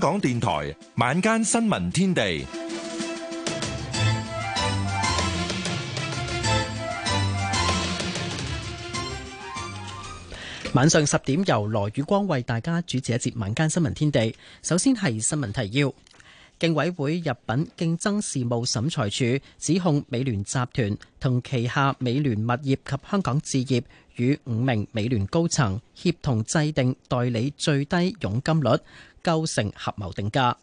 港電台晚間新聞天地，晚上十點由羅宇光為大家主持一節晚間新聞天地。首先係新聞提要：競委會入稟競爭事務審裁處，指控美聯集團同旗下美聯物業及香港置業與五名美聯高層協同制定代理最低佣金率。構成合謀定價。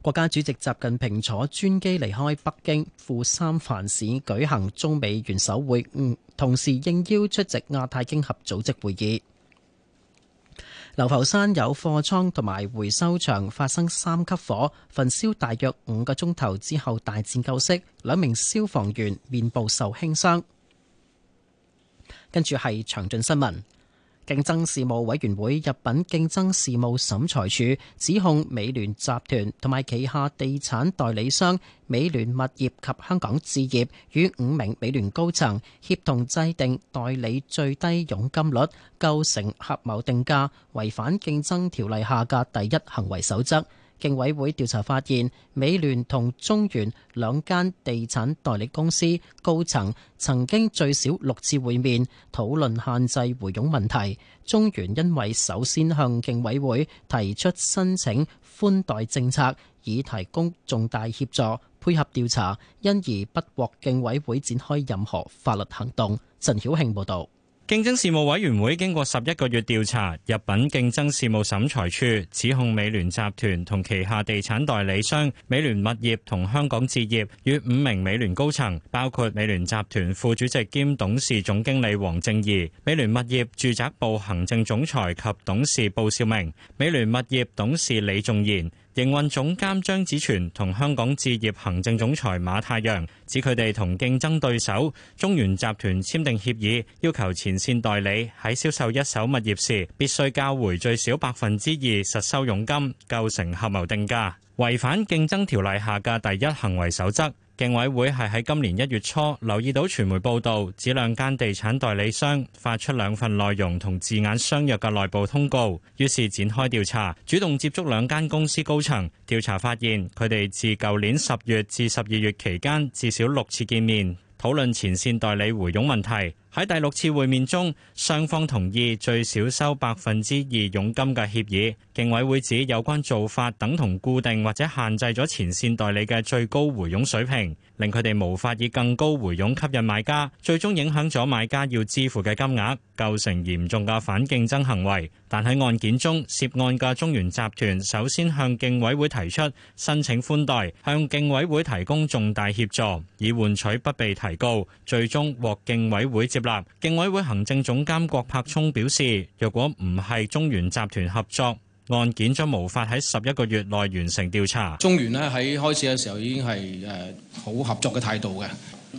國家主席習近平坐專機離開北京赴三藩市舉行中美元首會晤，同時應邀出席亞太經合組織會議。流浮山有貨倉同埋回收場發生三級火，焚燒大約五個鐘頭之後大戰，大致救熄，兩名消防員面部受輕傷。跟住係詳盡新聞。競爭事務委員會入禀競爭事務審裁處，指控美聯集團同埋旗下地產代理商美聯物業及香港置業與五名美聯高層協同制定代理最低佣金率，構成合謀定價，違反競爭條例下嘅第一行為守則。競委會調查發現，美聯同中原兩間地產代理公司高層曾經最少六次會面，討論限制回佣問題。中原因為首先向競委會提出申請寬待政策，以提供重大協助，配合調查，因而不獲競委會展開任何法律行動。陳曉慶報道。競爭事務委員會經過十一個月調查，入禀競爭事務審裁處，指控美聯集團同旗下地產代理商美聯物業同香港置業與五名美聯高層，包括美聯集團副主席兼董事總經理黃正儀、美聯物業住宅部行政總裁及董事布少明、美聯物業董事李仲賢。營運總監張子全同香港置業行政總裁馬太陽指，佢哋同競爭對手中原集團簽訂協議，要求前線代理喺銷售一手物業時，必須交回最少百分之二實收佣金，構成合謀定價，違反競爭條例下嘅第一行為守則。競委會係喺今年一月初留意到傳媒報道，指兩間地產代理商發出兩份內容同字眼相若嘅內部通告，於是展開調查，主動接觸兩間公司高層，調查發現佢哋自舊年十月至十二月期間至少六次見面，討論前線代理回佣問題。喺第六次會面中，雙方同意最少收百分之二佣金嘅協議。競委會指有關做法等同固定或者限制咗前線代理嘅最高回傭水平，令佢哋無法以更高回傭吸引買家，最終影響咗買家要支付嘅金額，構成嚴重嘅反競爭行為。但喺案件中，涉案嘅中原集團首先向競委會提出申請寬待，向競委會提供重大協助，以換取不被提告，最終獲競委會接。競委會行政總監郭柏聰表示，若果唔係中原集團合作，案件將無法喺十一個月內完成調查。中原呢喺開始嘅時候已經係誒好合作嘅態度嘅，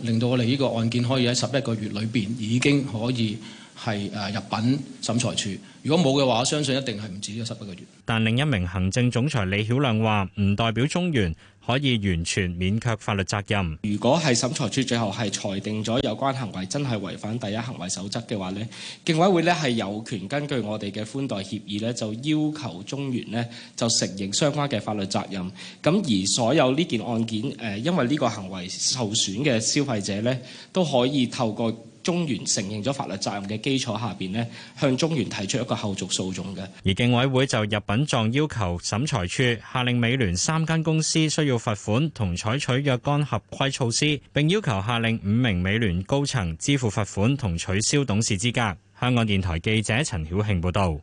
令到我哋呢個案件可以喺十一個月裏邊已經可以。係誒入稟審裁處，如果冇嘅話，我相信一定係唔止咗十一個月。但另一名行政總裁李曉亮話：唔代表中原可以完全免卻法律責任。如果係審裁處最後係裁定咗有關行為真係違反第一行為守則嘅話呢，競委會呢係有權根據我哋嘅寬待協議呢，就要求中原呢就承認相關嘅法律責任。咁而所有呢件案件誒，因為呢個行為受損嘅消費者呢，都可以透過。中原承認咗法律責任嘅基礎下邊呢，向中原提出一個後續訴訟嘅。而競委會就入稟狀要求審裁處下令美聯三間公司需要罰款同採取若干合規措施，並要求下令五名美聯高層支付罰款同取消董事資格。香港電台記者陳曉慶報道。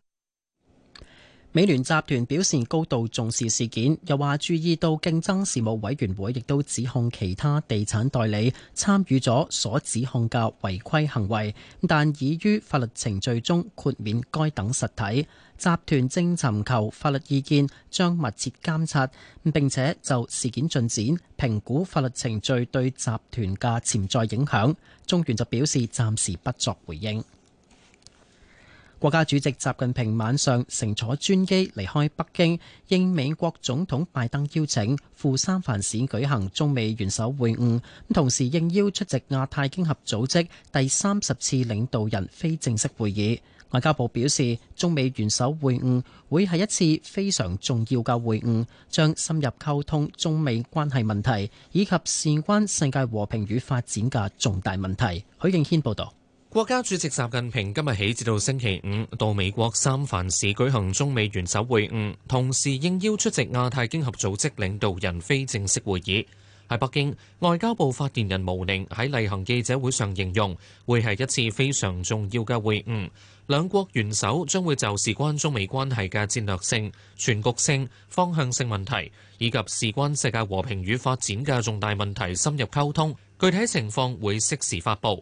美聯集團表示高度重視事件，又話注意到競爭事務委員會亦都指控其他地產代理參與咗所指控嘅違規行為，但已於法律程序中豁免該等實體。集團正尋求法律意見，將密切監察，並且就事件進展評估法律程序對集團嘅潛在影響。中原就表示暫時不作回應。國家主席習近平晚上乘坐專機離開北京，應美國總統拜登邀請赴三藩市舉行中美元首會晤，同時應邀出席亞太經合組織第三十次領導人非正式會議。外交部表示，中美元首會晤會係一次非常重要嘅會晤，將深入溝通中美關係問題，以及事關世界和平與發展嘅重大問題。許敬軒報道。國家主席習近平今日起至到星期五到美國三藩市，舉行中美元首會晤，同時應邀出席亞太經合組織領導人非正式會議。喺北京，外交部發言人毛寧喺例行記者會上形容，會係一次非常重要嘅會晤，兩國元首將會就事關中美關係嘅戰略性、全局性、方向性問題，以及事關世界和平與發展嘅重大問題深入溝通。具體情況會適時發佈。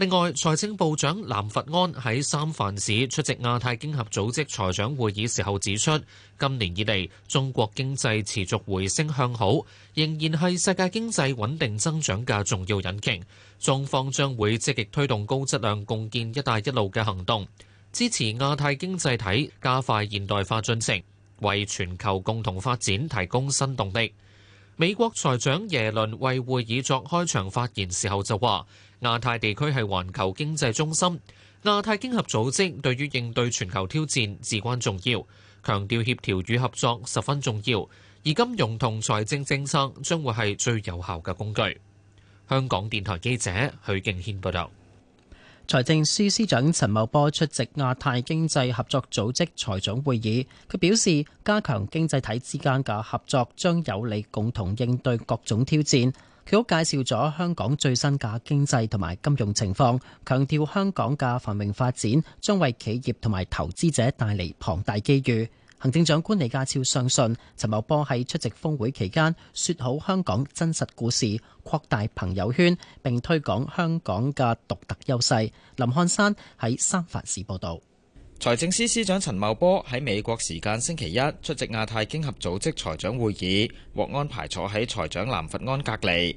另外，財政部長藍佛安喺三藩市出席亞太經合組織財長會議時候指出，今年以嚟中國經濟持續回升向好，仍然係世界經濟穩定增長嘅重要引擎。中方將會積極推動高質量共建「一帶一路」嘅行動，支持亞太經濟體加快現代化進程，為全球共同發展提供新動力。美國財長耶倫為會議作開場發言時候就話。亞太地區係環球經濟中心，亞太經合組織對於應對全球挑戰至關重要，強調協調與合作十分重要，而金融同財政政策將會係最有效嘅工具。香港電台記者許敬軒報道。財政司司長陳茂波出席亞太經濟合作組織財長會議，佢表示加強經濟體之間嘅合作將有利共同應對各種挑戰。佢亦都介紹咗香港最新嘅經濟同埋金融情況，強調香港嘅繁榮發展將為企業同埋投資者帶嚟龐大機遇。行政長官李家超相信陳茂波喺出席峰會期間説好香港真實故事，擴大朋友圈，並推廣香港嘅獨特優勢。林漢山喺三藩市報導，財政司司長陳茂波喺美國時間星期一出席亞太經合組織財長會議，獲安排坐喺財長藍佛安隔離。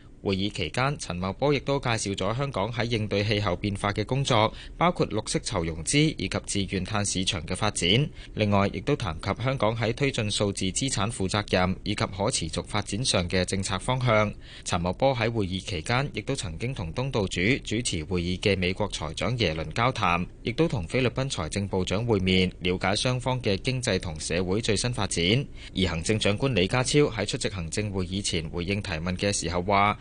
會議期間，陳茂波亦都介紹咗香港喺應對氣候變化嘅工作，包括綠色籌融資以及自願碳市場嘅發展。另外，亦都談及香港喺推進數字資產負責任以及可持續發展上嘅政策方向。陳茂波喺會議期間，亦都曾經同東道主主持會議嘅美國財長耶倫交談，亦都同菲律賓財政部長會面，了解雙方嘅經濟同社會最新發展。而行政長官李家超喺出席行政會議前回應提問嘅時候話：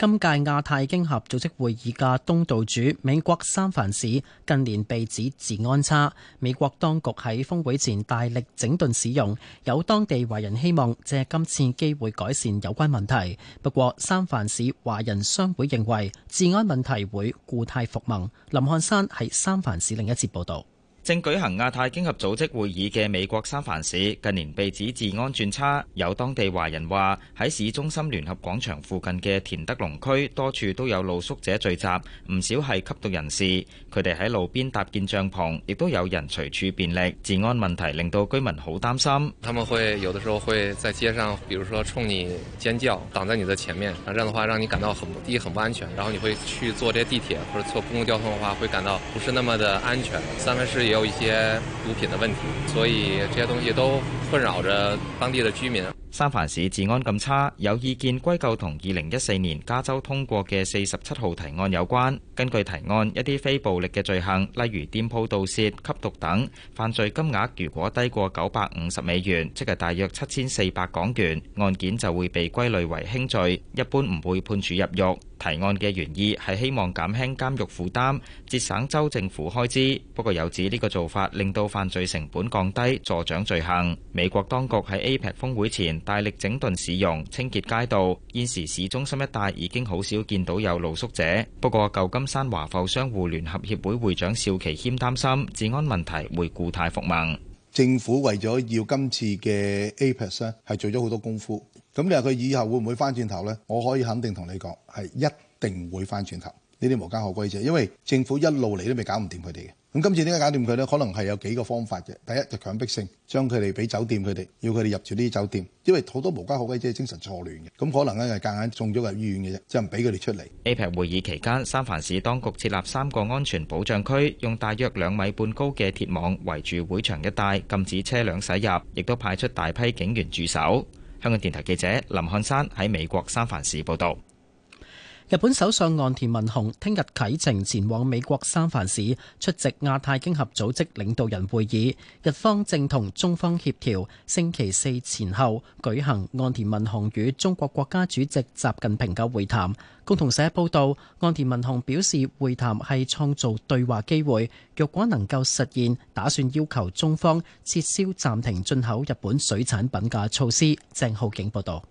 今屆亞太經合組織會議嘅東道主美國三藩市近年被指治安差，美國當局喺峰會前大力整頓使用，有當地華人希望借今次機會改善有關問題。不過三藩市華人商會認為治安問題會故態復萌。林漢山喺三藩市另一節報道。正舉行亞太經合組織會議嘅美國三藩市近年被指治安轉差，有當地華人話喺市中心聯合廣場附近嘅田德龍區多處都有露宿者聚集，唔少係吸毒人士。佢哋喺路邊搭建帳篷，亦都有人隨處便溺，治安問題令到居民好擔心。他們會有的時候會在街上，比如說衝你尖叫，擋在你的前面，那這樣的話讓你感到很低很不安全。然後你會去坐這地鐵或者坐公共交通嘅話，會感到不是那麼的安全。三藩市也。一些毒品的問題，所以這些東西都困擾着當地的居民。三藩市治安咁差，有意見歸咎同二零一四年加州通過嘅四十七號提案有關。根據提案，一啲非暴力嘅罪行，例如店鋪盜竊、吸毒等，犯罪金額如果低過九百五十美元，即係大約七千四百港元，案件就會被歸類為輕罪，一般唔會判處入獄。提案嘅原意係希望減輕監獄負擔，節省州政府開支。不過有指呢個做法令到犯罪成本降低，助長罪行。美國當局喺 APEC 峰會前，大力整頓市容、清潔街道，現時市中心一帶已經好少見到有露宿者。不過，舊金山華埠商戶聯合協會會長邵其謙擔心治安問題會故態復萌。政府為咗要今次嘅 APEC 係做咗好多功夫。咁你話佢以後會唔會翻轉頭呢？我可以肯定同你講，係一定會翻轉頭。呢啲無家可歸者，因為政府一路嚟都未搞唔掂佢哋嘅。咁今次點解搞掂佢呢？可能係有幾個方法嘅。第一就強迫性，將佢哋俾酒店佢哋，要佢哋入住呢啲酒店，因為好多無家可歸者精神錯亂嘅。咁可能呢係夾硬送咗入醫院嘅啫，就唔俾佢哋出嚟。APEC 會議期間，三藩市當局設立三個安全保障區，用大約兩米半高嘅鐵網圍住會場一帶，禁止車輛駛入，亦都派出大批警員駐守。香港電台記者林漢山喺美國三藩市報道。日本首相岸田文雄聽日啟程前往美國三藩市出席亞太經合組織領導人會議，日方正同中方協調，星期四前後舉行岸田文雄與中國國家主席習近平嘅會談。共同社報道，岸田文雄表示會談係創造對話機會，若果能夠實現，打算要求中方撤銷暫停進口日本水產品嘅措施。鄭浩景報道。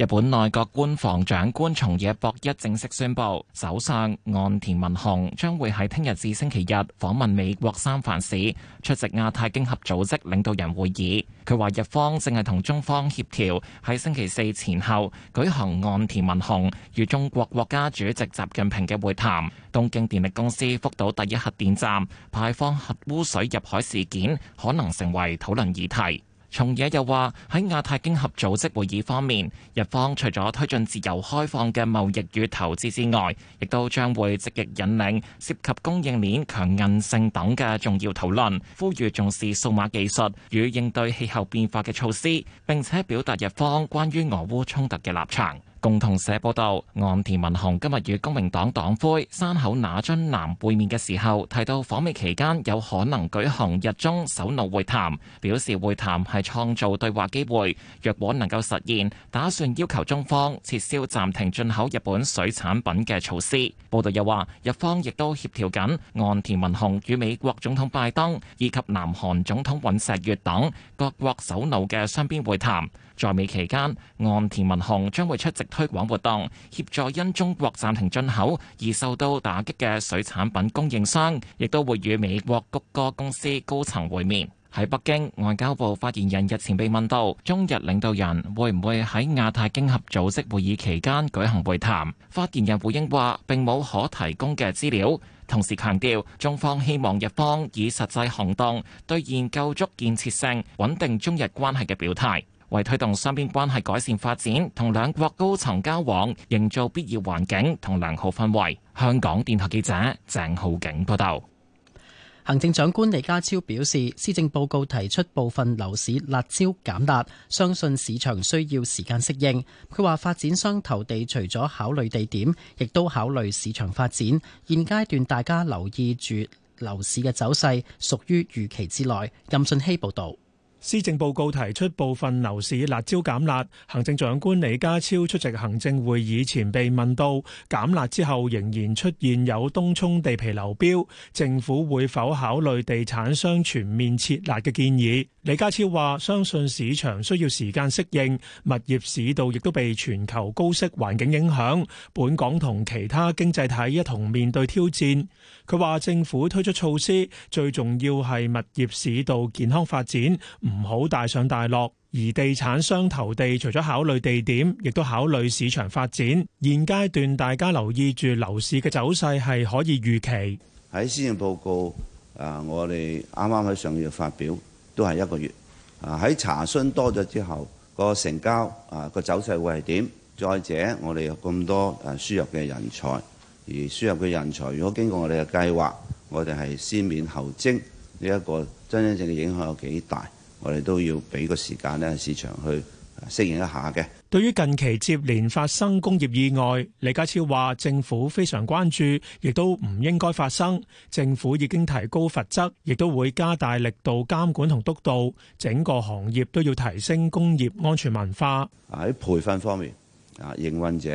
日本內閣官房長官松野博一正式宣布，首相岸田文雄將會喺聽日至星期日訪問美國三藩市，出席亞太經合組織領導人會議。佢話日方正係同中方協調，喺星期四前後舉行岸田文雄與中國國家主席習近平嘅會談。東京電力公司福島第一核電站排放核污水入海事件，可能成為討論議題。松野又話：喺亞太經合組織會議方面，日方除咗推進自由開放嘅貿易與投資之外，亦都將會積極引領涉及供應鏈強韌性等嘅重要討論，呼籲重視數碼技術與應對氣候變化嘅措施，並且表達日方關於俄烏衝突嘅立場。共同社報道，岸田文雄今日與公明黨黨魁山口那津男會面嘅時候，提到訪美期間有可能舉行日中首腦會談，表示會談係創造對話機會，若果能夠實現，打算要求中方撤銷暫停進口日本水產品嘅措施。報道又話，日方亦都協調緊岸田文雄與美國總統拜登以及南韓總統尹錫悅等各國首腦嘅雙邊會談。在美期間，岸田文雄將會出席推廣活動，協助因中國暫停進口而受到打擊嘅水產品供應商，亦都會與美國谷歌公司高層會面。喺北京，外交部發言人日前被問到中日領導人會唔會喺亞太經合組織會議期間舉行會談，發言人回應話，並冇可提供嘅資料，同時強調中方希望日方以實際行動兌現構築建設性、穩定中日關係嘅表態。為推動雙邊關係改善發展，同兩國高層交往，營造必要環境同良好氛圍。香港電台記者鄭浩景報道。行政長官李家超表示，施政報告提出部分樓市辣招減辣，相信市場需要時間適應。佢話：發展商投地，除咗考慮地點，亦都考慮市場發展。現階段大家留意住樓市嘅走勢，屬於預期之內。任信希報導。施政報告提出部分樓市辣椒減辣，行政長官李家超出席行政會議前被問到減辣之後仍然出現有東涌地皮流標，政府會否考慮地產商全面撤辣嘅建議？李家超話：相信市場需要時間適應，物業市道亦都被全球高息環境影響，本港同其他經濟體一同面對挑戰。佢話政府推出措施，最重要係物業市道健康發展，唔好大上大落。而地產商投地，除咗考慮地點，亦都考慮市場發展。現階段大家留意住樓市嘅走勢，係可以預期。喺施政報告啊，我哋啱啱喺上月發表。都係一個月，啊，喺查詢多咗之後，個成交啊個走勢會係點？再者，我哋有咁多誒輸入嘅人才，而輸入嘅人才，如果經過我哋嘅計劃，我哋係先免後徵呢一個真真正嘅影響有幾大？我哋都要俾個時間咧市場去適應一下嘅。對於近期接連發生工業意外，李家超話政府非常關注，亦都唔應該發生。政府已經提高罰則，亦都會加大力度監管同督導，整個行業都要提升工業安全文化。喺培訓方面，啊，營運者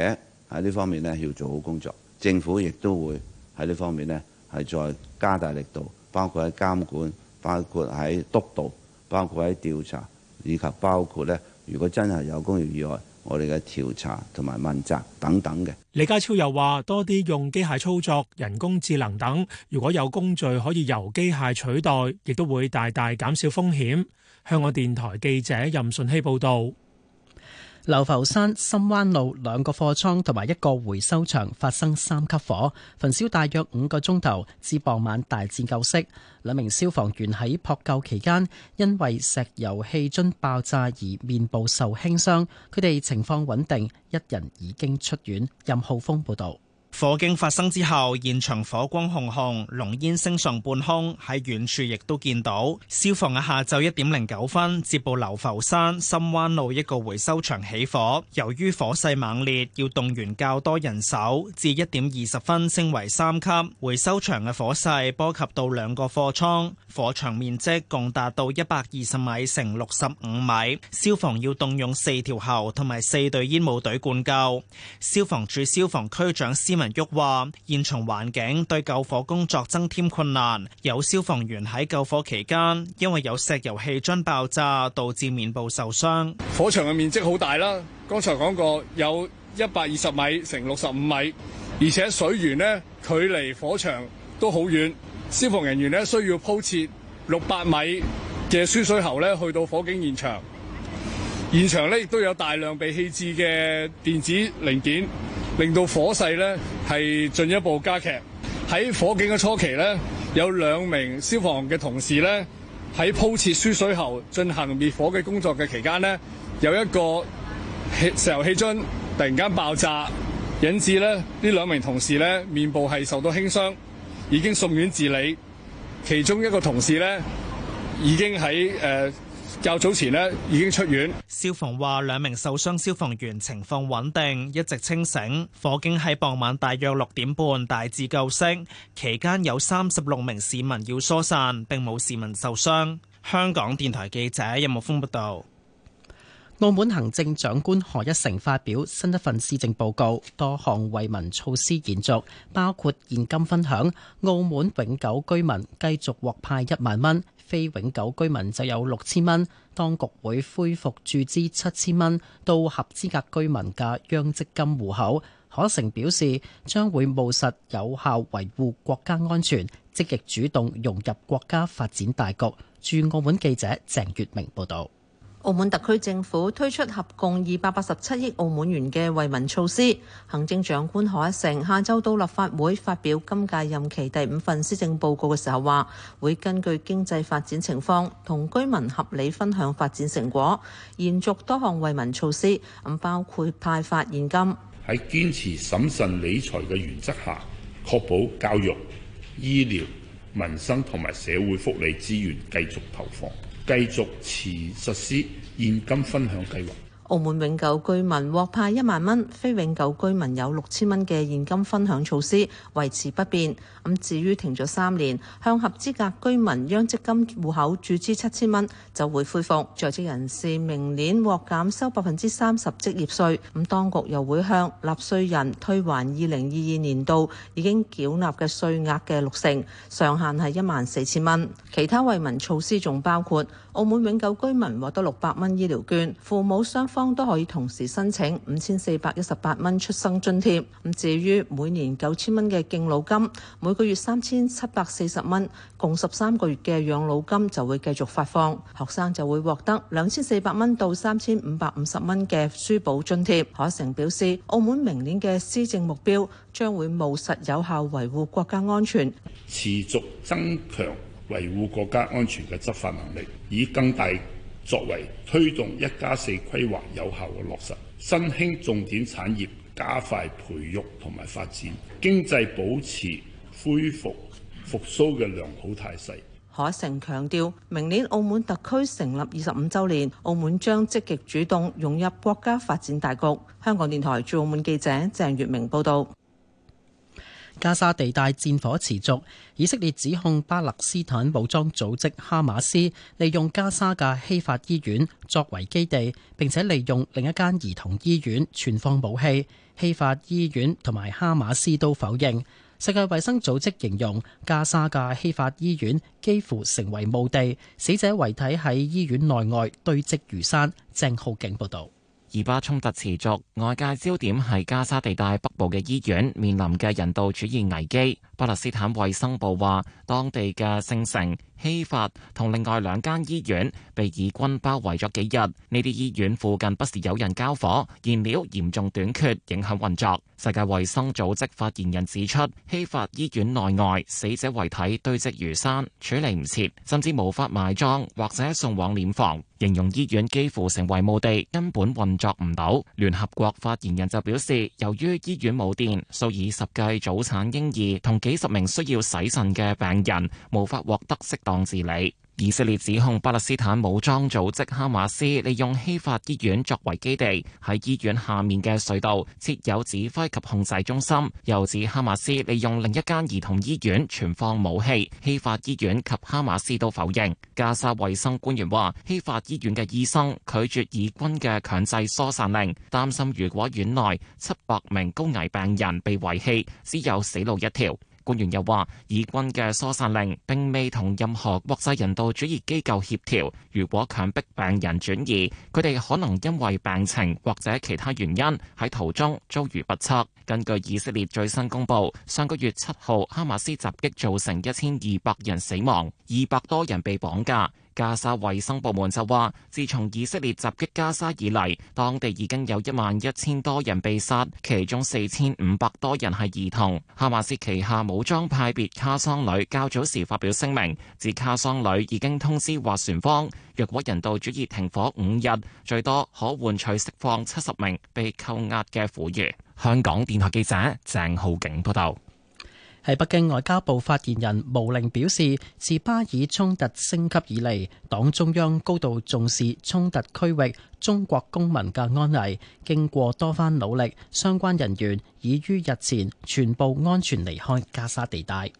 喺呢方面咧要做好工作。政府亦都會喺呢方面咧係再加大力度，包括喺監管，包括喺督導，包括喺調查，以及包括咧。如果真係有工業意外，我哋嘅調查同埋問責等等嘅。李家超又話：多啲用機械操作、人工智能等，如果有工序可以由機械取代，亦都會大大減少風險。香港電台記者任順希報導。流浮山深灣路兩個貨倉同埋一個回收場發生三級火，焚燒大約五個鐘頭，至傍晚大致救熄，兩名消防員喺撲救期間，因為石油氣樽爆炸而面部受輕傷，佢哋情況穩定，一人已經出院。任浩峰報道。火警發生之後，現場火光熊熊，濃煙升上半空，喺遠處亦都見到。消防喺下晝一點零九分接報流浮山深灣路一個回收場起火，由於火勢猛烈，要動員較多人手。至一點二十分升為三級，回收場嘅火勢波及到兩個貨倉，火場面積共達到一百二十米乘六十五米。消防要動用四條喉同埋四隊煙霧隊灌救。消防處消防區長施文。人郁話，現場環境對救火工作增添困難，有消防員喺救火期間因為有石油氣樽爆炸，導致面部受傷。火場嘅面積好大啦，剛才講過有一百二十米乘六十五米，而且水源呢距離火場都好遠，消防人員呢需要鋪設六百米嘅輸水喉呢去到火警現場。現場呢亦都有大量被棄置嘅電子零件。令到火勢呢係進一步加劇。喺火警嘅初期呢，有兩名消防嘅同事呢喺鋪設輸水喉進行滅火嘅工作嘅期間呢，有一個氣石油氣樽突然間爆炸，引致咧呢兩名同事呢面部係受到輕傷，已經送院治理。其中一個同事呢已經喺誒。呃較早前呢已經出院。消防話兩名受傷消防員情況穩定，一直清醒。火警喺傍晚大約六點半大致救熄，期間有三十六名市民要疏散，並冇市民受傷。香港電台記者任木鋒報道。澳門行政長官賀一誠發表新一份施政報告，多項惠民措施延續，包括現金分享，澳門永久居民繼續獲派一萬蚊。非永久居民就有六千蚊，當局會恢復注資七千蚊到合資格居民嘅央積金戶口。可成表示將會務實有效維護國家安全，積極主動融入國家發展大局。駐澳門記者鄭月明報道。澳門特區政府推出合共二百八十七億澳門元嘅惠民措施。行政長官賀一誠下週到立法會發表今屆任期第五份施政報告嘅時候，話會根據經濟發展情況同居民合理分享發展成果，延續多項惠民措施，咁包括派發現金。喺堅持審慎理財嘅原則下，確保教育、醫療、民生同埋社會福利資源繼續投放。繼續持實施現金分享計劃。澳門永久居民獲派一萬蚊，非永久居民有六千蚊嘅現金分享措施維持不變。咁至於停咗三年，向合資格居民央積金戶口注資七千蚊就會恢復，在職人士明年獲減收百分之三十職業稅，咁當局又會向納稅人退還二零二二年度已經繳納嘅稅額嘅六成，上限係一萬四千蚊。其他惠民措施仲包括澳門永久居民獲得六百蚊醫療券，父母雙方都可以同時申請五千四百一十八蚊出生津貼。咁至於每年九千蚊嘅敬老金，每每個月三千七百四十蚊，共十三個月嘅養老金就會繼續發放，學生就會獲得兩千四百蚊到三千五百五十蚊嘅書簿津貼。何成表示，澳門明年嘅施政目標將會務實有效維護國家安全，持續增強維護國家安全嘅執法能力，以更大作為推動一加四規劃有效嘅落實，新興重點產業加快培育同埋發展，經濟保持。恢復復甦嘅良好態勢。海誠強調，明年澳門特區成立二十五週年，澳門將積極主動融入國家發展大局。香港電台駐澳門記者鄭月明報導。加沙地帶戰火持續，以色列指控巴勒斯坦武裝組織哈馬斯利用加沙嘅希法醫院作為基地，並且利用另一間兒童醫院存放武器。希法醫院同埋哈馬斯都否認。世界衛生組織形容加沙嘅希法醫院幾乎成為墓地，死者遺體喺醫院內外堆積如山。鄭浩景報道。以巴衝突持續，外界焦點係加沙地帶北部嘅醫院面臨嘅人道主義危機。巴勒斯坦衛生部話，當地嘅聖城希法同另外兩間醫院被以軍包圍咗幾日。呢啲醫院附近不時有人交火，燃料嚴重短缺，影響運作。世界衛生組織發言人指出，希法醫院內外死者遺體堆積如山，處理唔切，甚至無法埋葬或者送往殮房，形容醫院幾乎成為墓地，根本運作唔到。聯合國發言人就表示，由於醫院冇電，數以十計早產嬰兒同幾十名需要洗腎嘅病人無法獲得適當治理。以色列指控巴勒斯坦武裝組織哈馬斯利用希法醫院作為基地，喺醫院下面嘅隧道設有指揮及控制中心。又指哈馬斯利用另一間兒童醫院存放武器。希法醫院及哈馬斯都否認。加沙衛生官員話，希法醫院嘅醫生拒絕以軍嘅強制疏散令，擔心如果院內七百名高危病人被遺棄，只有死路一條。官員又話，以軍嘅疏散令並未同任何國際人道主義機構協調。如果強迫病人轉移，佢哋可能因為病情或者其他原因喺途中遭遇不測。根據以色列最新公佈，上個月七號哈馬斯襲擊造成一千二百人死亡，二百多人被綁架。加沙衛生部門就話，自從以色列襲擊加沙以嚟，當地已經有一萬一千多人被殺，其中四千五百多人係兒童。哈馬斯旗下武裝派別卡桑旅較早時發表聲明，指卡桑旅已經通知斡旋方，若果人道主義停火五日，最多可換取釋放七十名被扣押嘅婦孺。香港電台記者鄭浩景報道。喺北京外交部發言人毛寧表示，自巴以衝突升級以嚟，黨中央高度重視衝突區域中國公民嘅安危，經過多番努力，相關人員已於日前全部安全離開加沙地帶。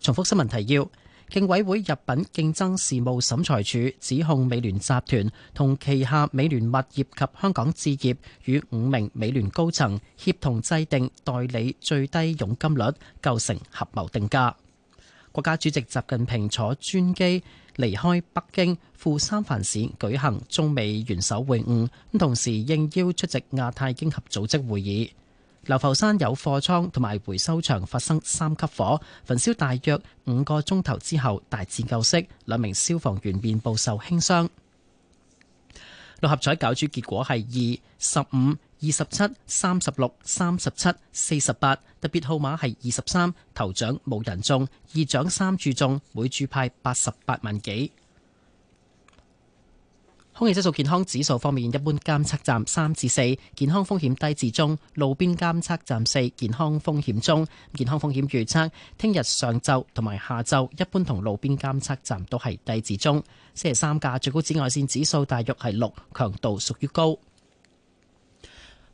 重複新聞提要。競委會入禀競爭事務審裁處，指控美聯集團同旗下美聯物業及香港置業與五名美聯高層協同制定代理最低佣金率，構成合謀定價。國家主席習近平坐專機離開北京，赴三藩市舉行中美元首會晤，咁同時應邀出席亞太經合組織會議。流浮山有貨倉同埋回收場發生三級火，焚燒大約五個鐘頭之後大致救熄，兩名消防員面部受輕傷。六合彩攪珠結果係二、十五、二十七、三十六、三十七、四十八，特別號碼係二十三，頭獎冇人中，二獎三注中，每注派八十八萬幾。空氣質素健康指數方面，一般監測站三至四，健康風險低至中；路邊監測站四，健康風險中。健康風險預測：聽日上晝同埋下晝，一般同路邊監測站都係低至中。星期三嘅最高紫外線指數大約係六，強度屬於高。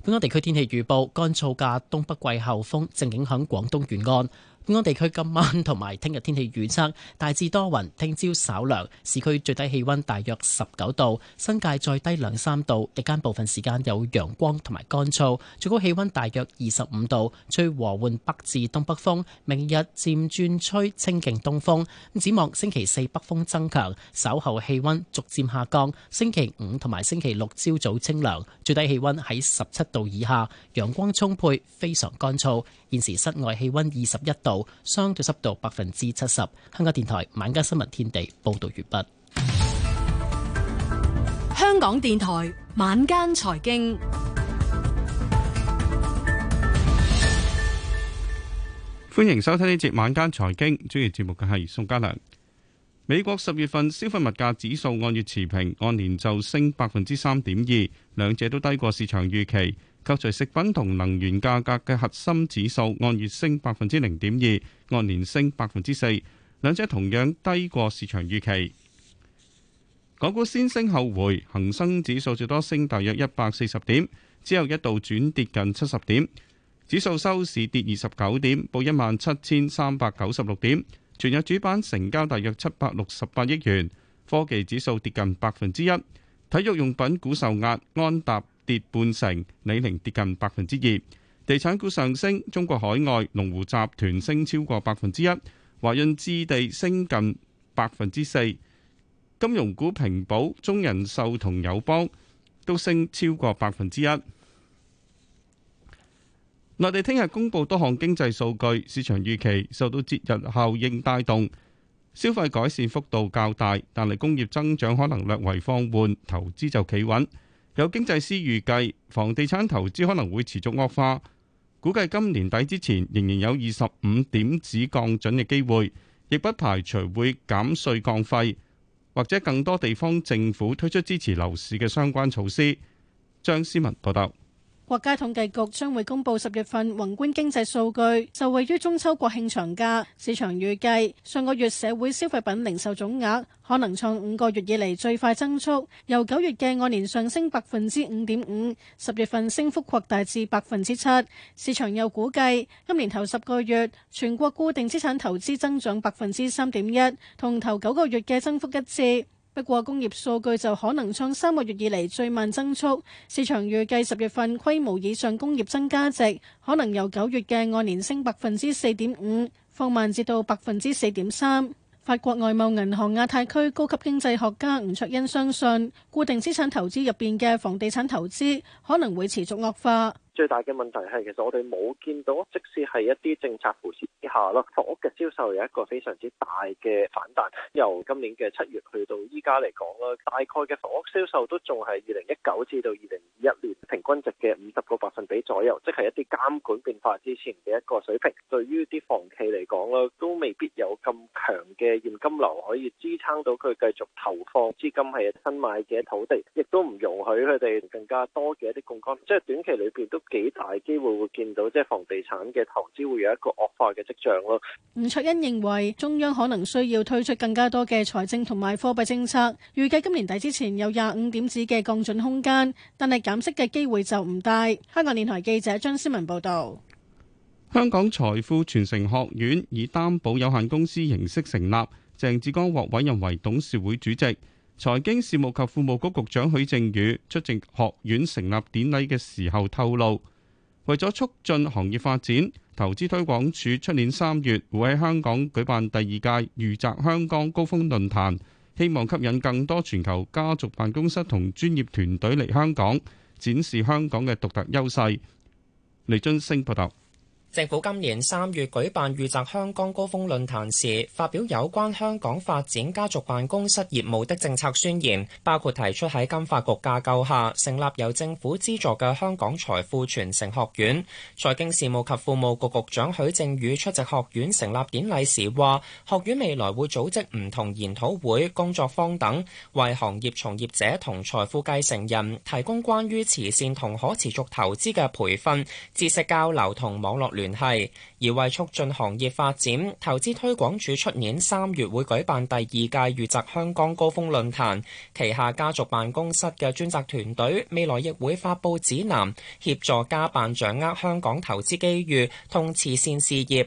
本港地區天氣預報：乾燥嘅東北季候風正影響廣東沿岸。本港地區今晚同埋聽日天氣預測大致多雲，聽朝稍涼，市區最低氣溫大約十九度，新界再低兩三度，日間部分時間有陽光同埋乾燥，最高氣溫大約二十五度，吹和緩北至東北風。明日漸轉吹清勁東風，咁展望星期四北風增強，稍後氣溫逐漸下降。星期五同埋星期六朝早清涼，最低氣溫喺十七度以下，陽光充沛，非常乾燥。現時室外氣溫二十一度。相對濕度百分之七十。香港電台晚間新聞天地報道完畢。香港電台晚間財經，歡迎收聽呢節晚間財經。主持節目嘅係宋家良。美國十月份消費物價指數按月持平，按年就升百分之三點二，兩者都低過市場預期。扣除食品同能源價格嘅核心指數按月升百分之零點二，按年升百分之四，兩者同樣低過市場預期。港股先升後回，恒生指數最多升大約一百四十點，之後一度轉跌近七十點，指數收市跌二十九點，報一萬七千三百九十六點。全日主板成交大約七百六十八億元，科技指數跌近百分之一，體育用品股受壓，安踏。跌半成，李寧跌近百分之二，地產股上升，中國海外、龍湖集團升超過百分之一，華潤置地升近百分之四，金融股平保、中人壽同友邦都升超過百分之一。內地聽日公布多項經濟數據，市場預期受到節日效應帶動，消費改善幅度較大，但係工業增長可能略為放緩，投資就企穩。有經濟師預計，房地產投資可能會持續惡化，估計今年底之前仍然有二十五點子降準嘅機會，亦不排除會減稅降費，或者更多地方政府推出支持樓市嘅相關措施。張思文報道。國家統計局將會公布十月份宏觀經濟數據，就位於中秋國慶長假，市場預計上個月社會消費品零售總額可能創五個月以嚟最快增速，由九月嘅按年上升百分之五點五，十月份升幅擴大至百分之七。市場又估計今年頭十個月全國固定資產投資增長百分之三點一，同頭九個月嘅增幅一致。不過工業數據就可能創三個月以嚟最慢增速，市場預計十月份規模以上工業增加值可能由九月嘅按年升百分之四點五，放慢至到百分之四點三。法國外貿銀行亞太區高級經濟學家吳卓恩相信，固定資產投資入面嘅房地產投資可能會持續惡化。最大嘅問題係其實我哋冇見到，即使係一啲政策扶持之下啦，房屋嘅銷售有一個非常之大嘅反彈，由今年嘅七月去到依家嚟講啦，大概嘅房屋銷售都仲係二零一九至到二零二一年平均值嘅五十個百分比左右，即係一啲監管變化之前嘅一個水平。對於啲房企嚟講啦，都未必有咁強嘅現金流可以支撐到佢繼續投放資金係新買嘅土地，亦都唔容許佢哋更加多嘅一啲槓桿，即係短期裏邊都。幾大機會會見到即係房地產嘅投資會有一個惡化嘅跡象咯。吳卓恩認為中央可能需要推出更加多嘅財政同埋貨幣政策，預計今年底之前有廿五點子嘅降準空間，但係減息嘅機會就唔大。香港電台記者張思文報道。香港財富傳承學院以擔保有限公司形式成立，鄭志剛獲委任為董事會主席。財經事務及庫務局局長許正宇出席學院成立典禮嘅時候透露，為咗促進行業發展，投資推廣署出年三月會喺香港舉辦第二屆裕澤香港高峰論壇，希望吸引更多全球家族辦公室同專業團隊嚟香港，展示香港嘅獨特優勢。李津升報道。政府今年三月舉辦預測香港高峰論壇時，發表有關香港發展家族辦公室業務的政策宣言，包括提出喺金發局架構下成立由政府資助嘅香港財富傳承學院。財經事務及庫務局局長許正宇出席學院成立典禮時話：學院未來會組織唔同研討會、工作坊等，為行業從業者同財富繼承人提供關於慈善同可持續投資嘅培訓、知識交流同網絡聯繫，而為促進行業發展，投資推廣署出年三月會舉辦第二屆粵籍香港高峰論壇，旗下家族辦公室嘅專責團隊未來亦會發布指南，協助嘉賓掌握香港投資機遇同慈善事業。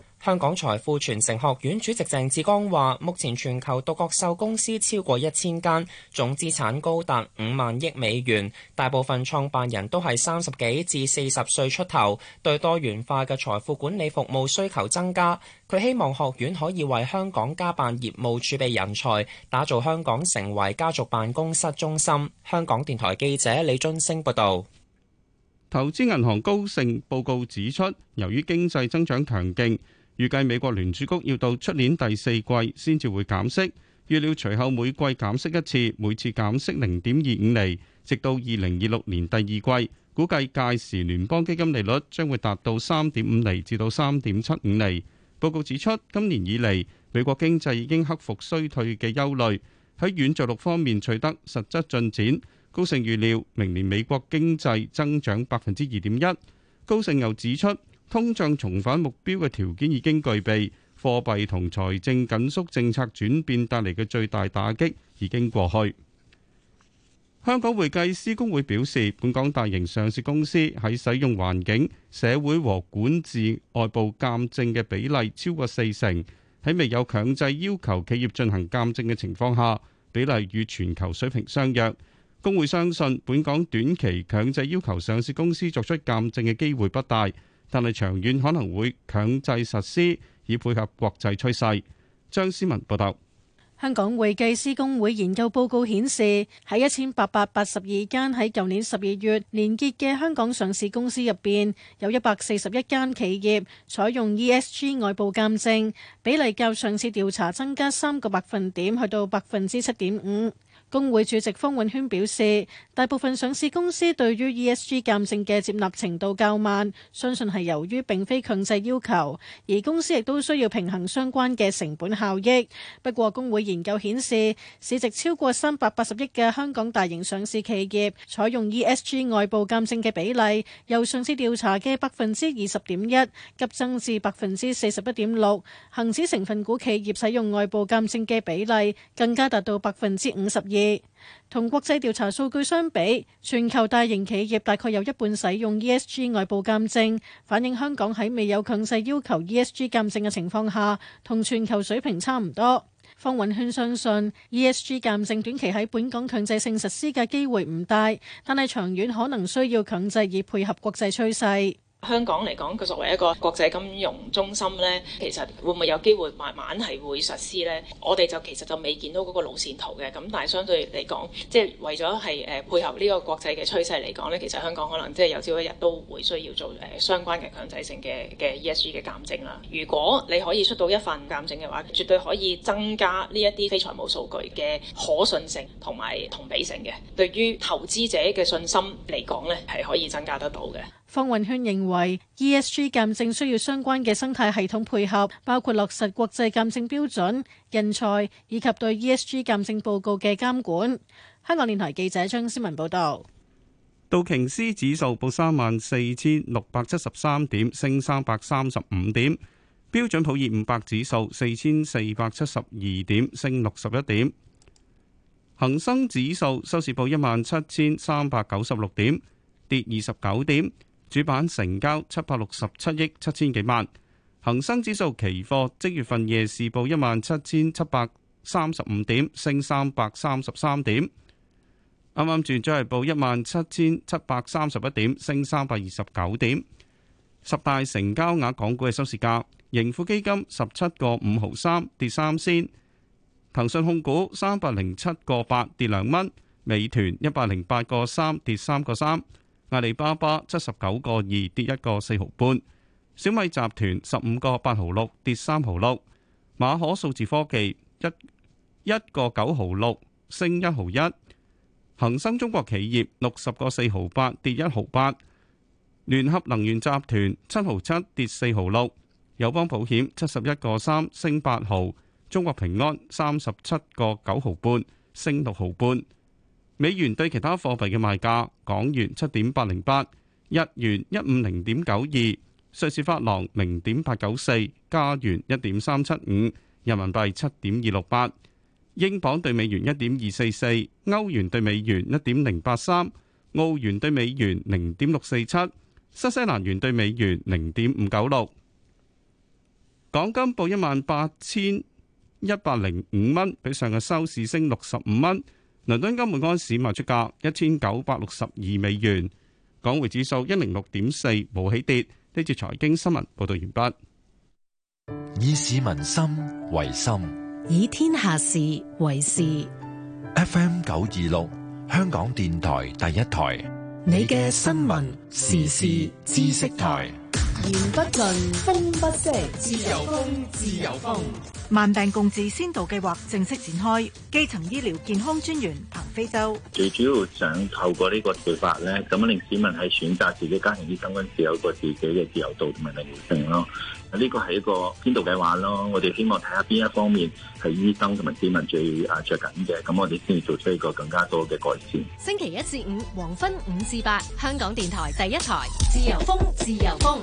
香港財富傳承學院主席鄭志剛話，目前全球獨角獸公司超過一千間，總資產高達五萬億美元，大部分創辦人都係三十幾至四十歲出頭，對多元化嘅財富管理服務需求增加。佢希望學院可以為香港家辦業務儲備人才，打造香港成為家族辦公室中心。香港電台記者李津升報道。投資銀行高盛報告指出，由於經濟增長強勁。預計美國聯儲局要到出年第四季先至會減息，預料隨後每季減息一次，每次減息零點二五厘，直到二零二六年第二季，估計屆時聯邦基金利率將會達到三點五厘至到三點七五厘。報告指出，今年以嚟美國經濟已經克服衰退嘅憂慮，喺軟著陸方面取得實質進展。高盛預料明年美國經濟增長百分之二點一。高盛又指出。通脹重返目標嘅條件已經具備，貨幣同財政緊縮政策轉變帶嚟嘅最大打擊已經過去。香港會計師公會表示，本港大型上市公司喺使用環境、社會和管治外部鑑證嘅比例超過四成，喺未有強制要求企業進行鑑證嘅情況下，比例與全球水平相若。公會相信本港短期強制要求上市公司作出鑑證嘅機會不大。但係長遠可能會強制實施，以配合國際趨勢。張思文報道，香港會計師公會研究報告顯示，喺一千八百八十二間喺舊年十二月連結嘅香港上市公司入邊，有一百四十一間企業採用 ESG 外部鑑證，比例較上次調查增加三個百分點，去到百分之七點五。工會主席方永軒表示，大部分上市公司對於 ESG 鑑證嘅接納程度較慢，相信係由於並非強制要求，而公司亦都需要平衡相關嘅成本效益。不過工會研究顯示，市值超過三百八十億嘅香港大型上市企業採用 ESG 外部鑑證嘅比例，由上次調查嘅百分之二十點一急增至百分之四十一點六，恆指成分股企業使用外部鑑證嘅比例更加達到百分之五十二。同國際調查數據相比，全球大型企業大概有一半使用 ESG 外部鑑證，反映香港喺未有強制要求 ESG 鑑證嘅情況下，同全球水平差唔多。方允軒相信 ESG 鑑證短期喺本港強制性實施嘅機會唔大，但係長遠可能需要強制以配合國際趨勢。香港嚟講，佢作為一個國際金融中心呢，其實會唔會有機會慢慢係會實施呢？我哋就其實就未見到嗰個路線圖嘅。咁但係相對嚟講，即係為咗係誒配合呢個國際嘅趨勢嚟講呢，其實香港可能即係有朝一日都會需要做誒、呃、相關嘅強制性嘅嘅 ESG 嘅鑑證啦。如果你可以出到一份鑑證嘅話，絕對可以增加呢一啲非財務數據嘅可信性同埋同比性嘅，對於投資者嘅信心嚟講呢，係可以增加得到嘅。方雲軒認為，ESG 鑑證需要相關嘅生態系統配合，包括落實國際鑑證標準、人才以及對 ESG 鑑證報告嘅監管。香港電台記者張思文報道。道瓊斯指數報三萬四千六百七十三點，升三百三十五點。標準普爾五百指數四千四百七十二點，升六十一點。恒生指數收市報一萬七千三百九十六點，跌二十九點。主板成交七百六十七億七千幾萬，恒生指數期貨即月份夜市報一萬七千七百三十五點，升三百三十三點。啱啱轉咗係報一萬七千七百三十一點，升三百二十九點。十大成交額港股嘅收市價，盈富基金十七個五毫三跌三仙，騰訊控股三百零七個八跌兩蚊，美團一百零八個三跌三個三。阿里巴巴七十九個二跌一個四毫半，小米集團十五個八毫六跌三毫六，馬可數字科技一一個九毫六升一毫一，恒生中國企業六十個四毫八跌一毫八，聯合能源集團七毫七跌四毫六，友邦保險七十一個三升八毫，中國平安三十七個九毫半升六毫半。美元對其他貨幣嘅賣價：港元七點八零八，日元一五零點九二，瑞士法郎零點八九四，加元一點三七五，人民幣七點二六八，英鎊對美元一點二四四，歐元對美元一點零八三，澳元對美元零點六四七，新西蘭元對美元零點五九六。港金報一萬八千一百零五蚊，比上日收市升六十五蚊。倫敦金每安士賣出價一千九百六十二美元，港匯指數一零六點四，冇起跌。呢節財經新聞報道完畢。以市民心為心，以天下事為事。F M 九二六，香港電台第一台，你嘅新聞時事知識台。言不盡，風不息。自由風，自由風。慢病共治先導計劃正式展開，基層醫療健康專員彭飛舟。最主要想透過呢個做法咧，咁令市民係選擇自己家庭醫生，嗰時有個自己嘅自由度同埋靈活性咯。呢個係一個先導計劃咯，我哋希望睇下邊一方面係醫生同埋市民最啊着緊嘅，咁我哋先要做出一個更加多嘅改善。星期一至五黃昏五至八，香港電台第一台，自由風，自由風。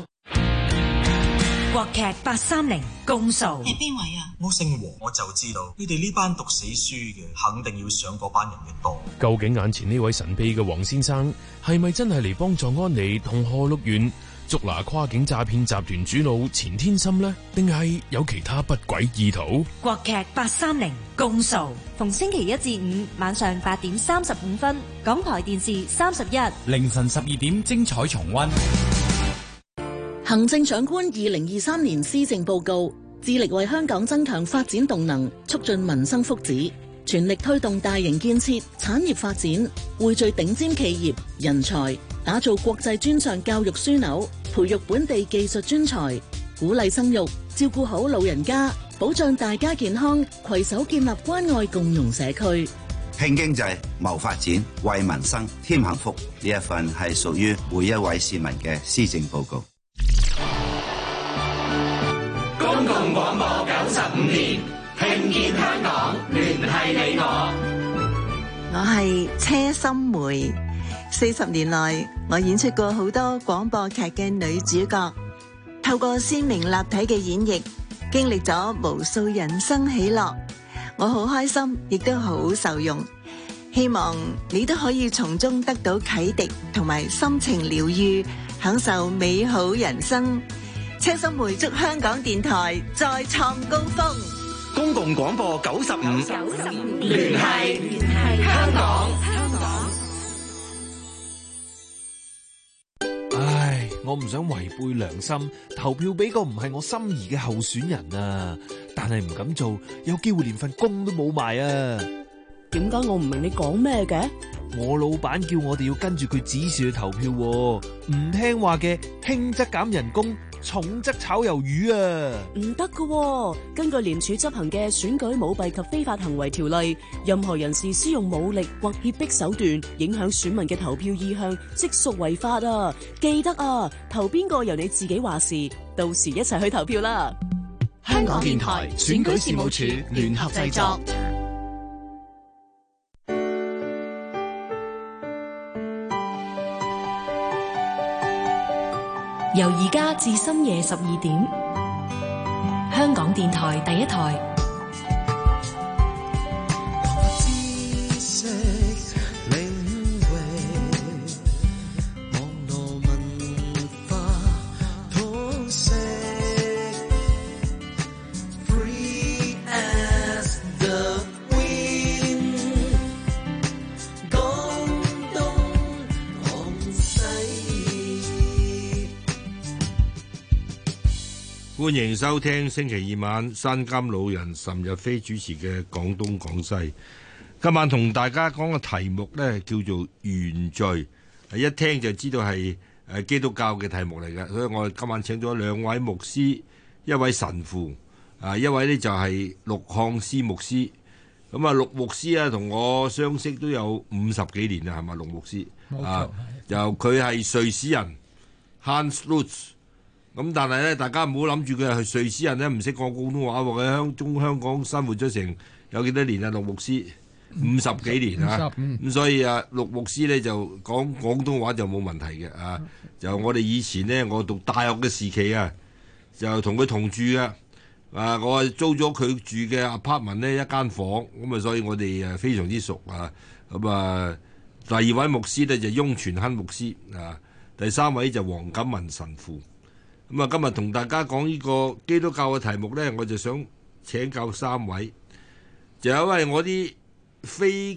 國劇八三零《公訴》係邊位啊？我姓黃，我就知道你哋呢班讀死書嘅，肯定要上嗰班人嘅當。究竟眼前呢位神秘嘅黃先生，係咪真係嚟幫助安妮同賀祿遠捉拿跨境詐騙集團主腦錢天心呢？定係有其他不軌意圖？國劇八三零《公訴》，逢星期一至五晚上八點三十五分，港台電視三十一，凌晨十二點精彩重溫。行政長官二零二三年施政報告致力為香港增強發展動能，促進民生福祉，全力推動大型建設、產業發展，匯聚頂尖企業人才，打造國際專上教育樞紐，培育本地技術專才，鼓勵生育，照顧好老人家，保障大家健康，攜手建立關愛共融社區，拼經濟、謀發展、為民生添幸福。呢一份係屬於每一位市民嘅施政報告。播九十五年，聽見香港聯繫你我。我係車心梅，四十年來我演出過好多廣播劇嘅女主角，透過鮮明立體嘅演繹，經歷咗無數人生喜樂。我好開心，亦都好受用。希望你都可以從中得到啟迪，同埋心情療愈，享受美好人生。車心梅祝香港電台再創高峰。公共廣播九十五九十五，聯繫聯繫香港香港。唉，我唔想違背良心，投票俾個唔係我心儀嘅候選人啊！但係唔敢做，有機會連份工都冇埋啊！點解我唔明你講咩嘅？我老闆叫我哋要跟住佢指示去投票，唔聽話嘅輕則減人工。重則炒魷魚啊！唔得噶，根據廉署執行嘅選舉舞弊及非法行為條例，任何人士使用武力或脅迫手段影響選民嘅投票意向，即屬違法啊！記得啊，投邊個由你自己話事，到時一齊去投票啦！香港電台選舉事務處聯合製作。由而家至深夜十二點，香港電台第一台。歡迎收聽星期二晚山金老人岑日飛主持嘅廣東廣西。今晚同大家講嘅題目呢，叫做原罪，一聽就知道係基督教嘅題目嚟嘅。所以我今晚請咗兩位牧師，一位神父，啊，一位呢就係陸漢斯牧師。咁、嗯、啊陸牧師啊，同我相識都有五十幾年啦，係咪？陸牧師錯啊，由佢係瑞士人。Hans 咁但係咧，大家唔好諗住佢係瑞士人咧，唔識講廣東話喎。佢喺香中香港生活咗成有幾多年啊？陸牧師五十幾年嚇，咁、嗯、所以啊，陸牧師咧就講廣東話就冇問題嘅啊。就我哋以前咧，我讀大學嘅時期啊，就同佢同住嘅啊，我租咗佢住嘅 apartment 咧一間房，咁啊，所以我哋啊非常之熟啊。咁啊，第二位牧師咧就翁傳亨牧師啊，第三位就黃錦文神父。咁啊，今日同大家講呢個基督教嘅題目咧，我就想請教三位，就因為我啲非。